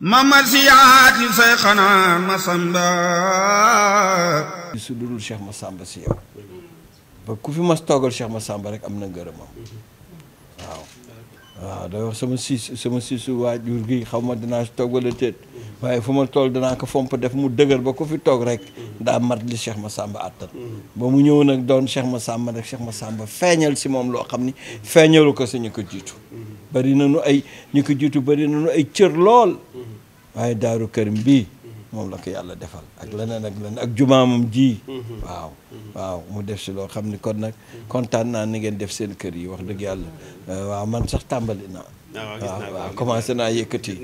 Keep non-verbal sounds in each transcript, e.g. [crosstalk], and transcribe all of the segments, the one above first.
ma marsiyaat li say xanaa ma samba su dudul Cheikh ma sàmba si yow ba ku fi ma toogal Cheikh ma sàmba rek am na ngërëmam waaw waaw da sama siis sama siisu waajur gi xaw ma dinaa si toog wala waaye fu ma tool danaa ko fomp def mu dëgër ba ku fi toog rek daa mat li Cheikh ma sàmba àttan ba mu ñëw nag doon Cheikh ma sàmba rek Cheikh ma sàmba feeñal si moom loo xam ni feeñalu ko si ñu ko jiitu bari na nañu ay ñu jiitu bari nañu ay cër lool waaye daaru kërim bii moom la ko yàlla defal ak leneen ak leneen ak jumaamam ji mhm. waaw mhm. waaw mu def si loo xam ne kon nag kontaan naa ni ngeen def seen kër yi wax dëgg yàlla euh, waaw man sax tàmbali naa ah, waaw waaw commencé naa yëkkati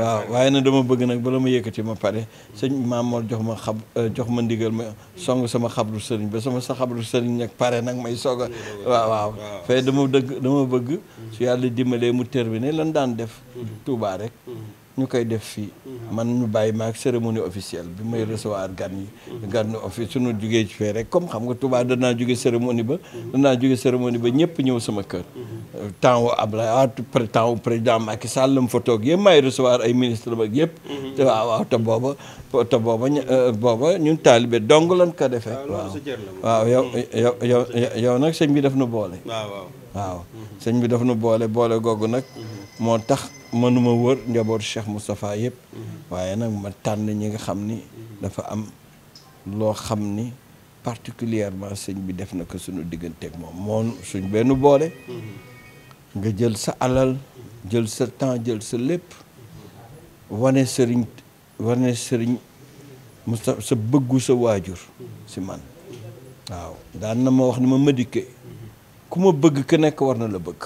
waaw waaye nag dama bëgg nag bala ma yëkkati ma pare sëñ Maamoor jox ma xab euh, jox ma ndigal ma song sama xabru sëriñ ba sama sa xabru sëriñ nag pare nag may sooga a mhm. waaw waaw dama dëgg dama bëgg su yàlla dimbalee mu terminé lan daan def Touba rek fii man ñu bàyyi maag cérémonie officielle bi may recevoir gan yi gan office suñu jugee ci rek comme xam nga Touba danaa jóge cérémonie ba danaa jóge cérémonie ba ñëpp ñëw sama kër temps wu Ablaye après ah, temps wu président Macky Sall la mu fa toog yëpp may recevoir ay ministre ba yëpp te waaw waaw te booba te booba euh, booba ñun taalibe dong lan ko defee waaw ah, waaw yow yow yow yow nag sëñ bi daf nu boole ah, waaw waaw sëñ bi daf nu boole boole googu nag mm-hmm. moo tax mënuma wër njabootu Cheikh Moustapha yëpp waaye nag ma tànn ñi nga xam ni dafa am loo xam ni particulièrement sëñ bi def na ko suñu digganteek moom moom suñ benn boole nga jël sa alal jël sa temps jël sa lépp wane sëriñ wane sëriñ Moustapha sa bëggu sa waajur si man waaw daan na ma wax ni ma Madické ku ma bëgg ku nekk war na la bëgg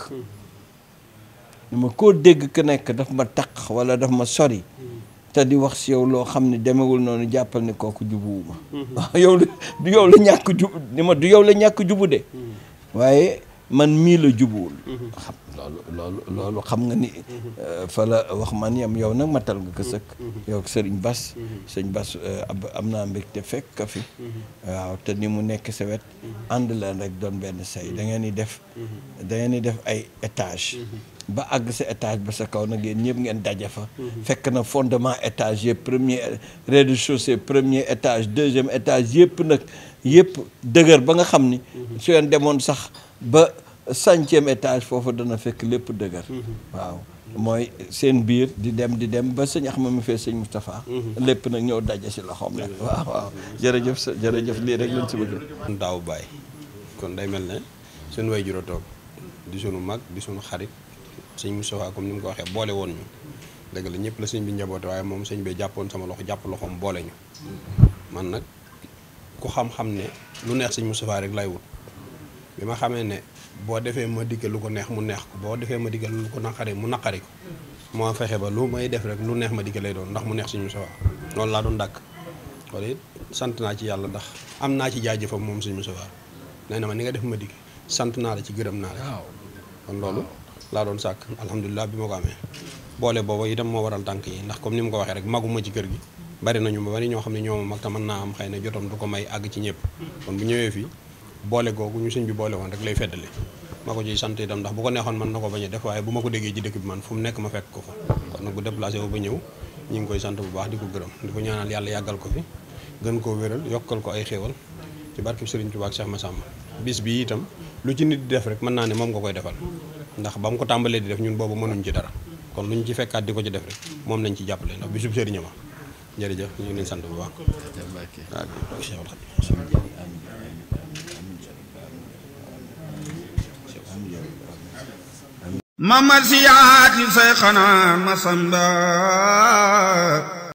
ni ma koo dégg ku nekk daf ma taq wala daf ma sori te di wax si yow loo xam ne demewul noonu jàppal ne kooku jubuwuma waaw mm-hmm. [laughs] yow la du yow la ñàkk jub du yow la ñàkk jubu de mm-hmm. waaye man mii la jubuwul mhm. loolu xam nga ni mhm. euh, fa la wax man yam yow nag matal nga ko mhm. sëkk yow sëriñ Bas sëñ Bas ab am naa mbégte fekk ka fi waaw te ni mu nekk sa wet ànd la rek doon benn say da ngeen di def da ngeen di def ay étage ba àgg sa étage ba sa kaw nag yéen ñëpp ngeen daje fa fekk na fondement étage yëpp premier rez de premier étage deuxième étage yëpp nag yëpp dëgër ba nga xam ni su ngeen demoon sax ba cinquième étage foofu dana fekk lépp dëgër waaw mooy seen biir di dem di dem ba sëñ Axma mu fee sëñ Moustapha mm-hmm. lépp nag ñëw daje si loxoom nag mm-hmm. waaw waaw jërëjëf sa jërëjëf lii rek lañ si bëgg daaw baay kon day mel ne suñu way juro toog di suñu mag di suñu xarit sëñ Moustapha comme ni mu ko waxee boole woon ñu dëgg la ñëpp la sëñ bi njaboote waaye moom sëñ bee jàppoon sama loxo jàpp loxoom boole ñu man nag ku xam-xam ne lu neex sëñ Moustapha rek lay wut bi ma xamee ne boo defee ma diggal lu ko neex mu neex ko boo defee ma diggal lu ko naqari mu naqari ko moo fexe ba lu may def rek lu neex ma diggal lay doon ndax mu neex suñu Moustapha loolu laa doon dàkk loolu sant naa ci yàlla ndax am naa ci jaajëfam moom suñu Moustapha nee na ma ni nga def ma digg sant naa la ci gërëm naa la loolu laa doon sàkk alhamdulilah bi ma ko amee boole boobu itam moo waral tànk yi ndax comme ni mu ko waxee rek maguma ci kër gi bari nañu ba bari ñoo xam ne ñoo ma mag mën naa am xëy na jotam du ko may àgg ci ñëpp kon bu ñëwee fii boole googu ñu sëñ bi boole woon rek lay feddali ma ko ciy sant itam ndax bu ko neexoon mën na ko bañ a def waaye bu ma ko déggee ci dëkk bi man fu mu nekk ma fekk ko fa kon nag bu déplacé wu ba ñëw ñu ngi koy bu baax di ko gërëm di ko ñaanal yàlla yàggal ko fi gën koo wéral yokkal ko ay xéewal ci barkeb Sëriñ Tuubaa ak Cheikh Massamba bis bi itam lu ci nit di def rek mën naa ne moom nga koy defal ndax ba mu ko tàmbalee di def ñun boobu mënuñ ci dara kon lu ñu ci fekkaat di ko ci def rek moom lañ ci jàppale ndax bisub sëriñ ma jërëjëf ñu ngi leen sant bu baax ma marsiyaat li say xanaa ma